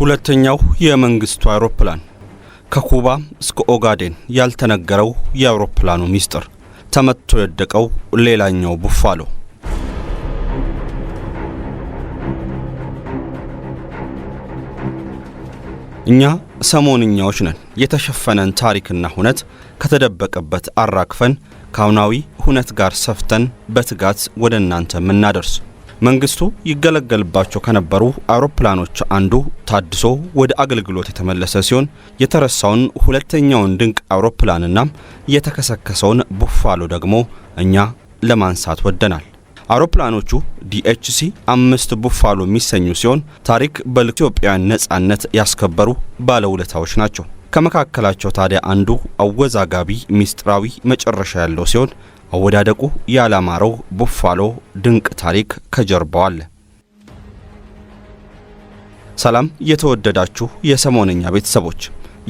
ሁለተኛው የመንግስቱ አውሮፕላን ከኩባ እስከ ኦጋዴን ያልተነገረው የአውሮፕላኑ ሚስጥር፣ ተመቶ የወደቀው ሌላኛው ቡፋሎ። እኛ ሰሞንኛዎች ነን። የተሸፈነን ታሪክና ሁነት ከተደበቀበት አራክፈን ካውናዊ ሁነት ጋር ሰፍተን በትጋት ወደ እናንተ የምናደርስ መንግስቱ ይገለገልባቸው ከነበሩ አውሮፕላኖች አንዱ ታድሶ ወደ አገልግሎት የተመለሰ ሲሆን የተረሳውን ሁለተኛውን ድንቅ አውሮፕላንና የተከሰከሰውን ቡፋሎ ደግሞ እኛ ለማንሳት ወደናል። አውሮፕላኖቹ ዲኤችሲ አምስት ቡፋሎ የሚሰኙ ሲሆን ታሪክ በኢትዮጵያን ነጻነት ያስከበሩ ባለውለታዎች ናቸው። ከመካከላቸው ታዲያ አንዱ አወዛጋቢ ሚስጥራዊ መጨረሻ ያለው ሲሆን አወዳደቁ ያላማረው ቡፋሎ ድንቅ ታሪክ ከጀርባው አለ። ሰላም የተወደዳችሁ የሰሞነኛ ቤተሰቦች፣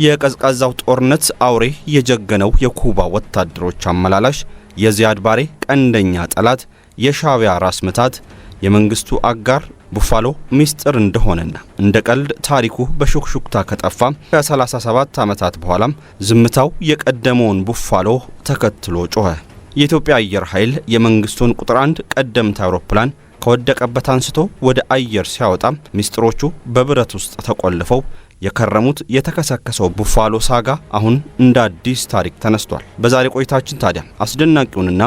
የቀዝቃዛው ጦርነት አውሬ የጀገነው የኩባ ወታደሮች አመላላሽ፣ የዚያድ ባሬ ቀንደኛ ጠላት፣ የሻቢያ ራስ ምታት፣ የመንግስቱ አጋር ቡፋሎ ሚስጥር እንደሆነና እንደ ቀልድ ታሪኩ በሹክሹክታ ከጠፋ ከ37 ዓመታት በኋላም ዝምታው የቀደመውን ቡፋሎ ተከትሎ ጮኸ። የኢትዮጵያ አየር ኃይል የመንግስቱን ቁጥር አንድ ቀደምት አውሮፕላን ከወደቀበት አንስቶ ወደ አየር ሲያወጣ ሚስጥሮቹ በብረት ውስጥ ተቆልፈው የከረሙት የተከሰከሰው ቡፋሎ ሳጋ አሁን እንደ አዲስ ታሪክ ተነስቷል። በዛሬ ቆይታችን ታዲያ አስደናቂውንና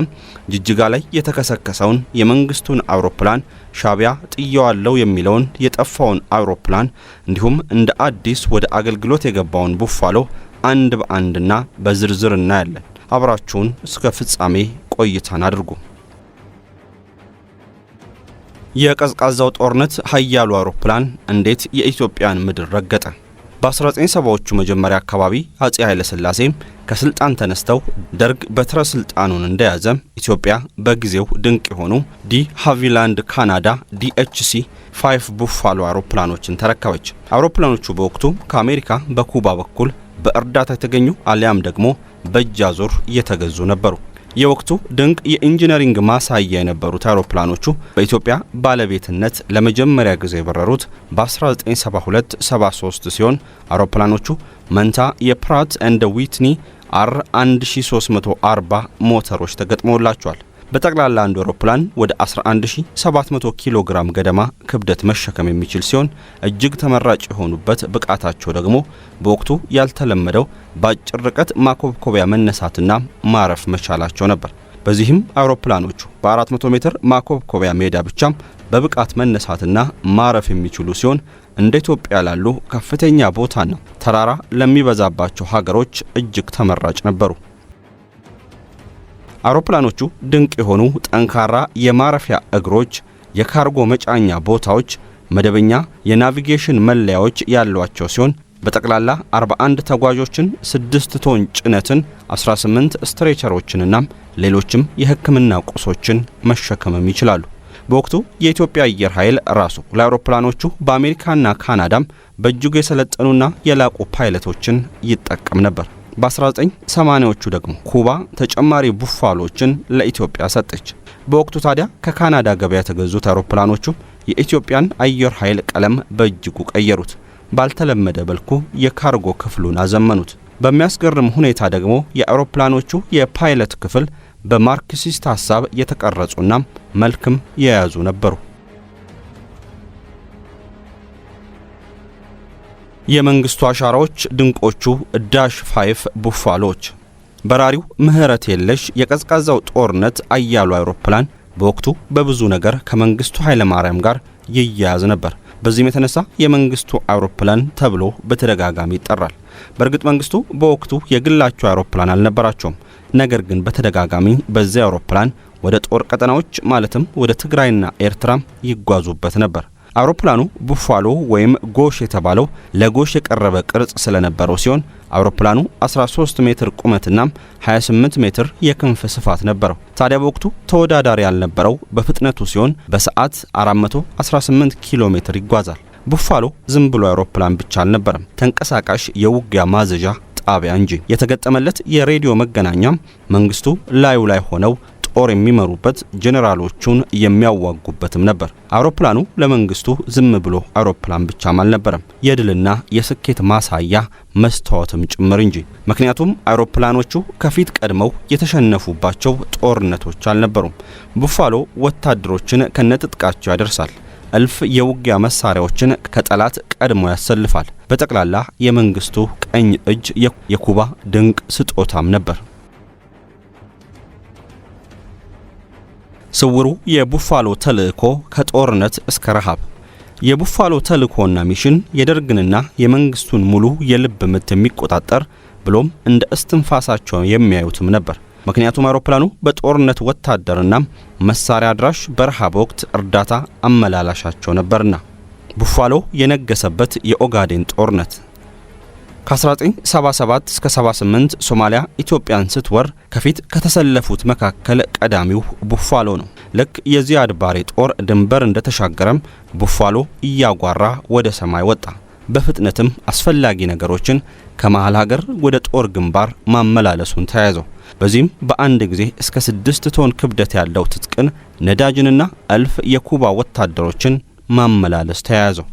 ጅጅጋ ላይ የተከሰከሰውን የመንግስቱን አውሮፕላን ሻቢያ ጥየዋለው የሚለውን የጠፋውን አውሮፕላን እንዲሁም እንደ አዲስ ወደ አገልግሎት የገባውን ቡፋሎ አንድ በአንድና በዝርዝር እናያለን። አብራችሁን እስከ ፍጻሜ ቆይታን አድርጉ። የቀዝቃዛው ጦርነት ኃያሉ አውሮፕላን እንዴት የኢትዮጵያን ምድር ረገጠ? በ1970ዎቹ መጀመሪያ አካባቢ አጼ ኃይለ ሥላሴ ከስልጣን ተነስተው ደርግ በትረ ስልጣኑን እንደያዘ ኢትዮጵያ በጊዜው ድንቅ የሆኑ ዲ ሃቪላንድ ካናዳ ዲኤችሲ ፋይፍ ቡፋሎ አውሮፕላኖችን ተረከበች። አውሮፕላኖቹ በወቅቱ ከአሜሪካ በኩባ በኩል በእርዳታ የተገኙ አሊያም ደግሞ በእጅ አዙር እየተገዙ ነበሩ። የወቅቱ ድንቅ የኢንጂነሪንግ ማሳያ የነበሩት አውሮፕላኖቹ በኢትዮጵያ ባለቤትነት ለመጀመሪያ ጊዜ የበረሩት በ1972 73 ሲሆን አውሮፕላኖቹ መንታ የፕራት እንደ ዊትኒ አር 1340 ሞተሮች ተገጥመውላቸዋል። በጠቅላላ አንድ አውሮፕላን ወደ 11700 ኪሎ ግራም ገደማ ክብደት መሸከም የሚችል ሲሆን እጅግ ተመራጭ የሆኑበት ብቃታቸው ደግሞ በወቅቱ ያልተለመደው በአጭር ርቀት ማኮብኮቢያ መነሳትና ማረፍ መቻላቸው ነበር። በዚህም አውሮፕላኖቹ በ400 ሜትር ማኮብኮቢያ ሜዳ ብቻም በብቃት መነሳትና ማረፍ የሚችሉ ሲሆን እንደ ኢትዮጵያ ላሉ ከፍተኛ ቦታና ተራራ ለሚበዛባቸው ሀገሮች እጅግ ተመራጭ ነበሩ። አውሮፕላኖቹ ድንቅ የሆኑ ጠንካራ የማረፊያ እግሮች፣ የካርጎ መጫኛ ቦታዎች፣ መደበኛ የናቪጌሽን መለያዎች ያሏቸው ሲሆን በጠቅላላ 41 ተጓዦችን፣ 6 ቶን ጭነትን፣ 18 ስትሬቸሮችንና ሌሎችም የሕክምና ቁሶችን መሸከምም ይችላሉ። በወቅቱ የኢትዮጵያ አየር ኃይል ራሱ ለአውሮፕላኖቹ በአሜሪካና ካናዳም በእጅጉ የሰለጠኑና የላቁ ፓይለቶችን ይጠቀም ነበር። በ1980ዎቹ ደግሞ ኩባ ተጨማሪ ቡፋሎችን ለኢትዮጵያ ሰጠች። በወቅቱ ታዲያ ከካናዳ ገበያ የተገዙት አውሮፕላኖቹ የኢትዮጵያን አየር ኃይል ቀለም በእጅጉ ቀየሩት። ባልተለመደ መልኩ የካርጎ ክፍሉን አዘመኑት። በሚያስገርም ሁኔታ ደግሞ የአውሮፕላኖቹ የፓይለት ክፍል በማርክሲስት ሐሳብ የተቀረጹና መልክም የያዙ ነበሩ። የመንግስቱ አሻራዎች ድንቆቹ ዳሽ ፋይፍ ቡፋሎች፣ በራሪው ምህረት የለሽ የቀዝቃዛው ጦርነት አያሉ አውሮፕላን በወቅቱ በብዙ ነገር ከመንግስቱ ኃይለማርያም ጋር ይያያዝ ነበር። በዚህም የተነሳ የመንግስቱ አውሮፕላን ተብሎ በተደጋጋሚ ይጠራል። በእርግጥ መንግስቱ በወቅቱ የግላቸው አውሮፕላን አልነበራቸውም። ነገር ግን በተደጋጋሚ በዚያ አውሮፕላን ወደ ጦር ቀጠናዎች ማለትም ወደ ትግራይና ኤርትራም ይጓዙበት ነበር። አውሮፕላኑ ቡፋሎ ወይም ጎሽ የተባለው ለጎሽ የቀረበ ቅርጽ ስለነበረው ሲሆን አውሮፕላኑ 13 ሜትር ቁመትና 28 ሜትር የክንፍ ስፋት ነበረው። ታዲያ በወቅቱ ተወዳዳሪ ያልነበረው በፍጥነቱ ሲሆን በሰዓት 418 ኪሎ ሜትር ይጓዛል። ቡፋሎ ዝም ብሎ አውሮፕላን ብቻ አልነበረም፣ ተንቀሳቃሽ የውጊያ ማዘዣ ጣቢያ እንጂ የተገጠመለት የሬዲዮ መገናኛም መንግስቱ ላዩ ላይ ሆነው ጦር የሚመሩበት ጄኔራሎቹን የሚያዋጉበትም ነበር። አውሮፕላኑ ለመንግስቱ ዝም ብሎ አውሮፕላን ብቻም አልነበረም፣ የድልና የስኬት ማሳያ መስታወትም ጭምር እንጂ። ምክንያቱም አውሮፕላኖቹ ከፊት ቀድመው የተሸነፉባቸው ጦርነቶች አልነበሩም። ቡፋሎ ወታደሮችን ከነትጥቃቸው ያደርሳል። እልፍ የውጊያ መሳሪያዎችን ከጠላት ቀድሞ ያሰልፋል። በጠቅላላ የመንግስቱ ቀኝ እጅ የኩባ ድንቅ ስጦታም ነበር። ስውሩ የቡፋሎ ተልእኮ ከጦርነት እስከ ረሃብ። የቡፋሎ ተልእኮና ሚሽን የደርግንና የመንግስቱን ሙሉ የልብ ምት የሚቆጣጠር ብሎም እንደ እስትንፋሳቸው የሚያዩትም ነበር። ምክንያቱም አውሮፕላኑ በጦርነት ወታደርና መሳሪያ አድራሽ በረሃብ ወቅት እርዳታ አመላላሻቸው ነበርና። ቡፋሎ የነገሰበት የኦጋዴን ጦርነት ከ1977 እስከ 78 ሶማሊያ ኢትዮጵያን ስትወር ከፊት ከተሰለፉት መካከል ቀዳሚው ቡፋሎ ነው። ልክ የዚያድ ባሬ ጦር ድንበር እንደተሻገረም ቡፋሎ እያጓራ ወደ ሰማይ ወጣ። በፍጥነትም አስፈላጊ ነገሮችን ከመሃል ሀገር ወደ ጦር ግንባር ማመላለሱን ተያያዘው። በዚህም በአንድ ጊዜ እስከ ስድስት ቶን ክብደት ያለው ትጥቅን ነዳጅንና እልፍ የኩባ ወታደሮችን ማመላለስ ተያያዘው።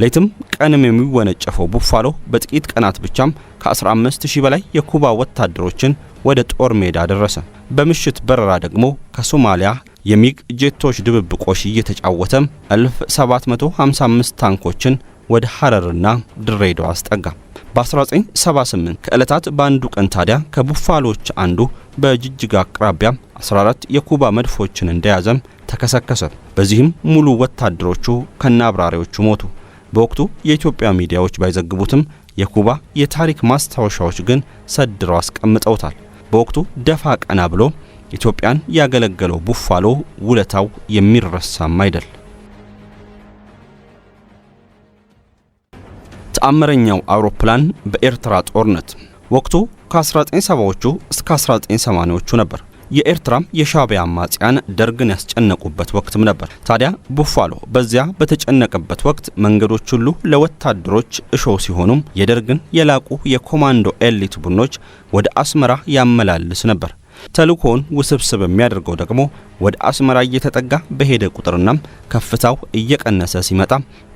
ሌትም ቀንም የሚወነጨፈው ቡፋሎ በጥቂት ቀናት ብቻም ከ15000 በላይ የኩባ ወታደሮችን ወደ ጦር ሜዳ ደረሰ። በምሽት በረራ ደግሞ ከሶማሊያ የሚግ ጄቶች ድብብቆሽ እየተጫወተም 1755 ታንኮችን ወደ ሐረርና ድሬዳዋ አስጠጋ። በ1978 ከዕለታት በአንዱ ቀን ታዲያ ከቡፋሎች አንዱ በጅጅጋ አቅራቢያ 14 የኩባ መድፎችን እንደያዘም ተከሰከሰ። በዚህም ሙሉ ወታደሮቹ ከነ አብራሪዎቹ ሞቱ። በወቅቱ የኢትዮጵያ ሚዲያዎች ባይዘግቡትም የኩባ የታሪክ ማስታወሻዎች ግን ሰድረው አስቀምጠውታል። በወቅቱ ደፋ ቀና ብሎ ኢትዮጵያን ያገለገለው ቡፋሎ ውለታው የሚረሳም አይደል። ተአምረኛው አውሮፕላን በኤርትራ ጦርነት ወቅቱ ከ1970ዎቹ እስከ 1980ዎቹ ነበር። የኤርትራም የሻቢያ አማጽያን ደርግን ያስጨነቁበት ወቅትም ነበር። ታዲያ ቡፋሎ በዚያ በተጨነቀበት ወቅት መንገዶች ሁሉ ለወታደሮች እሾህ ሲሆኑም የደርግን የላቁ የኮማንዶ ኤሊት ቡድኖች ወደ አስመራ ያመላልስ ነበር። ተልእኮውን ውስብስብ የሚያደርገው ደግሞ ወደ አስመራ እየተጠጋ በሄደ ቁጥርና ከፍታው እየቀነሰ ሲመጣ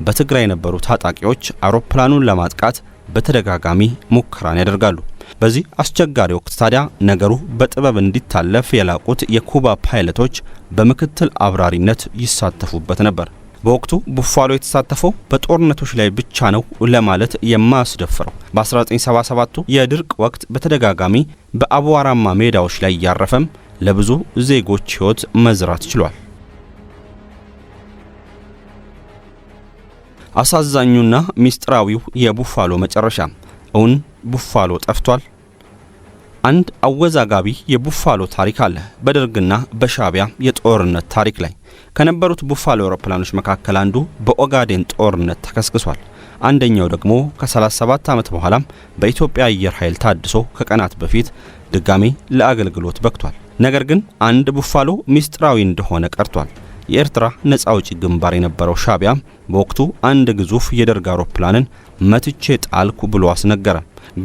በትግራይ የነበሩ ታጣቂዎች አውሮፕላኑን ለማጥቃት በተደጋጋሚ ሙከራን ያደርጋሉ። በዚህ አስቸጋሪ ወቅት ታዲያ ነገሩ በጥበብ እንዲታለፍ የላቁት የኩባ ፓይለቶች በምክትል አብራሪነት ይሳተፉበት ነበር። በወቅቱ ቡፋሎ የተሳተፈው በጦርነቶች ላይ ብቻ ነው ለማለት የማያስደፍረው በ1977 የድርቅ ወቅት በተደጋጋሚ በአቧራማ ሜዳዎች ላይ እያረፈም ለብዙ ዜጎች ሕይወት መዝራት ችሏል። አሳዛኙና ሚስጥራዊው የቡፋሎ መጨረሻ እውን ቡፋሎ ጠፍቷል? አንድ አወዛጋቢ የቡፋሎ ታሪክ አለ። በደርግና በሻቢያ የጦርነት ታሪክ ላይ ከነበሩት ቡፋሎ አውሮፕላኖች መካከል አንዱ በኦጋዴን ጦርነት ተከስክሷል። አንደኛው ደግሞ ከ37 ዓመት በኋላም በኢትዮጵያ አየር ኃይል ታድሶ ከቀናት በፊት ድጋሜ ለአገልግሎት በቅቷል። ነገር ግን አንድ ቡፋሎ ሚስጥራዊ እንደሆነ ቀርቷል። የኤርትራ ነፃ አውጪ ግንባር የነበረው ሻቢያ በወቅቱ አንድ ግዙፍ የደርግ አውሮፕላንን መትቼ ጣልኩ ብሎ አስነገረ።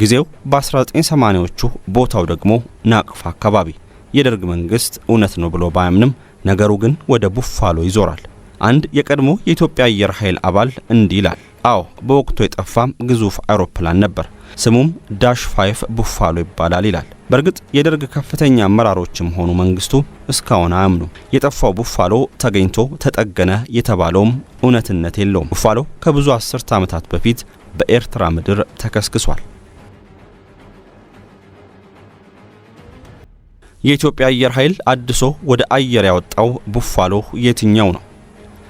ጊዜው በ1980ዎቹ ቦታው ደግሞ ናቅፋ አካባቢ። የደርግ መንግስት እውነት ነው ብሎ ባያምንም ነገሩ ግን ወደ ቡፋሎ ይዞራል። አንድ የቀድሞ የኢትዮጵያ አየር ኃይል አባል እንዲህ ይላል። አዎ በወቅቱ የጠፋም ግዙፍ አውሮፕላን ነበር፣ ስሙም ዳሽ ፋይፍ ቡፋሎ ይባላል ይላል። በእርግጥ የደርግ ከፍተኛ አመራሮችም ሆኑ መንግስቱ እስካሁን አያምኑ። የጠፋው ቡፋሎ ተገኝቶ ተጠገነ የተባለውም እውነትነት የለውም። ቡፋሎ ከብዙ አስርት ዓመታት በፊት በኤርትራ ምድር ተከስክሷል። የኢትዮጵያ አየር ኃይል አድሶ ወደ አየር ያወጣው ቡፋሎ የትኛው ነው?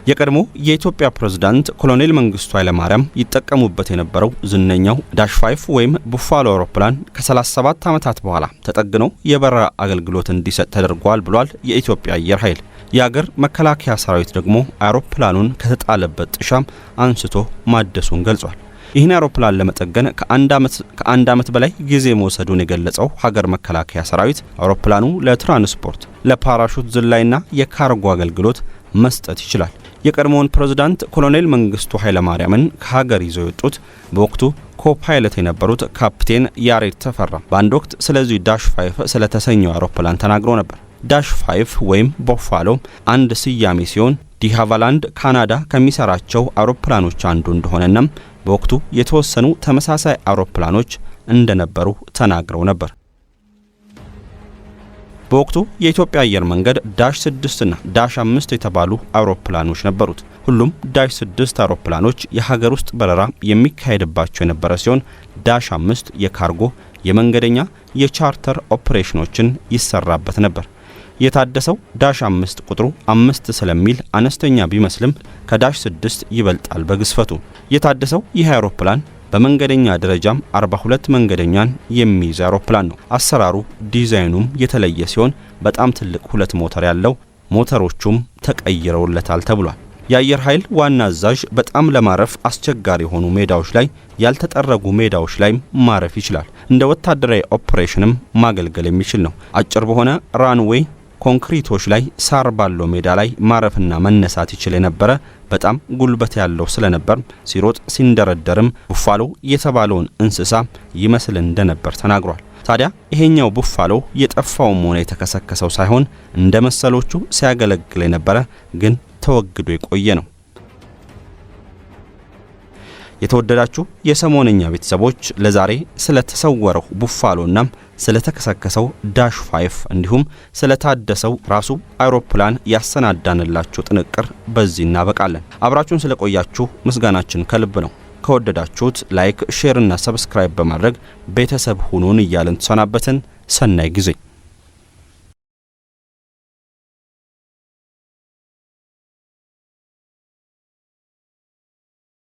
የቀድሞ የኢትዮጵያ ፕሬዝዳንት ኮሎኔል መንግስቱ ኃይለማርያም ይጠቀሙበት የነበረው ዝነኛው ዳሽ 5 ወይም ቡፋሎ አውሮፕላን ከ37 ዓመታት በኋላ ተጠግኖ የበረራ አገልግሎት እንዲሰጥ ተደርጓል ብሏል የኢትዮጵያ አየር ኃይል። የአገር መከላከያ ሰራዊት ደግሞ አውሮፕላኑን ከተጣለበት ጥሻም አንስቶ ማደሱን ገልጿል። ይህን አውሮፕላን ለመጠገን ከአንድ ዓመት በላይ ጊዜ መውሰዱን የገለጸው ሀገር መከላከያ ሰራዊት አውሮፕላኑ ለትራንስፖርት፣ ለፓራሹት ዝላይና የካርጎ አገልግሎት መስጠት ይችላል። የቀድሞውን ፕሬዝዳንት ኮሎኔል መንግስቱ ኃይለማርያምን ከሀገር ይዘው የወጡት በወቅቱ ኮፓይለት የነበሩት ካፕቴን ያሬድ ተፈራ በአንድ ወቅት ስለዚህ ዳሽ ፋይፍ ስለተሰኘው አውሮፕላን ተናግሮ ነበር። ዳሽ ፋይፍ ወይም ቦፋሎ አንድ ስያሜ ሲሆን ዲሃቫላንድ ካናዳ ከሚሰራቸው አውሮፕላኖች አንዱ እንደሆነና በወቅቱ የተወሰኑ ተመሳሳይ አውሮፕላኖች እንደነበሩ ተናግረው ነበር። በወቅቱ የኢትዮጵያ አየር መንገድ ዳሽ 6 እና ዳሽ 5 የተባሉ አውሮፕላኖች ነበሩት። ሁሉም ዳሽ 6 አውሮፕላኖች የሀገር ውስጥ በረራ የሚካሄድባቸው የነበረ ሲሆን ዳሽ 5 የካርጎ የመንገደኛ፣ የቻርተር ኦፕሬሽኖችን ይሰራበት ነበር። የታደሰው ዳሽ አምስት ቁጥሩ አምስት ስለሚል አነስተኛ ቢመስልም ከዳሽ ስድስት ይበልጣል በግዝፈቱ። የታደሰው ይህ አውሮፕላን በመንገደኛ ደረጃም 42 መንገደኛን የሚይዝ አውሮፕላን ነው። አሰራሩ ዲዛይኑም የተለየ ሲሆን በጣም ትልቅ ሁለት ሞተር ያለው ሞተሮቹም ተቀይረውለታል ተብሏል። የአየር ኃይል ዋና አዛዥ በጣም ለማረፍ አስቸጋሪ የሆኑ ሜዳዎች ላይ፣ ያልተጠረጉ ሜዳዎች ላይም ማረፍ ይችላል። እንደ ወታደራዊ ኦፕሬሽንም ማገልገል የሚችል ነው። አጭር በሆነ ራንዌይ ኮንክሪቶች ላይ ሳር ባለው ሜዳ ላይ ማረፍና መነሳት ይችል የነበረ በጣም ጉልበት ያለው ስለነበር ሲሮጥ ሲንደረደርም ቡፋሎ የተባለውን እንስሳ ይመስል እንደነበር ተናግሯል። ታዲያ ይሄኛው ቡፋሎ የጠፋውም ሆነ የተከሰከሰው ሳይሆን እንደ መሰሎቹ ሲያገለግል የነበረ ግን ተወግዶ የቆየ ነው። የተወደዳችሁ የሰሞነኛ ቤተሰቦች ለዛሬ ስለተሰወረው ቡፋሎና ስለተከሰከሰው ዳሽ ፋይፍ እንዲሁም ስለታደሰው ራሱ አውሮፕላን ያሰናዳንላችሁ ጥንቅር በዚህ እናበቃለን። አብራችሁን ስለቆያችሁ ምስጋናችን ከልብ ነው። ከወደዳችሁት ላይክ፣ ሼር እና ሰብስክራይብ በማድረግ ቤተሰብ ሁኑን እያለን ተሰናበትን። ሰናይ ጊዜ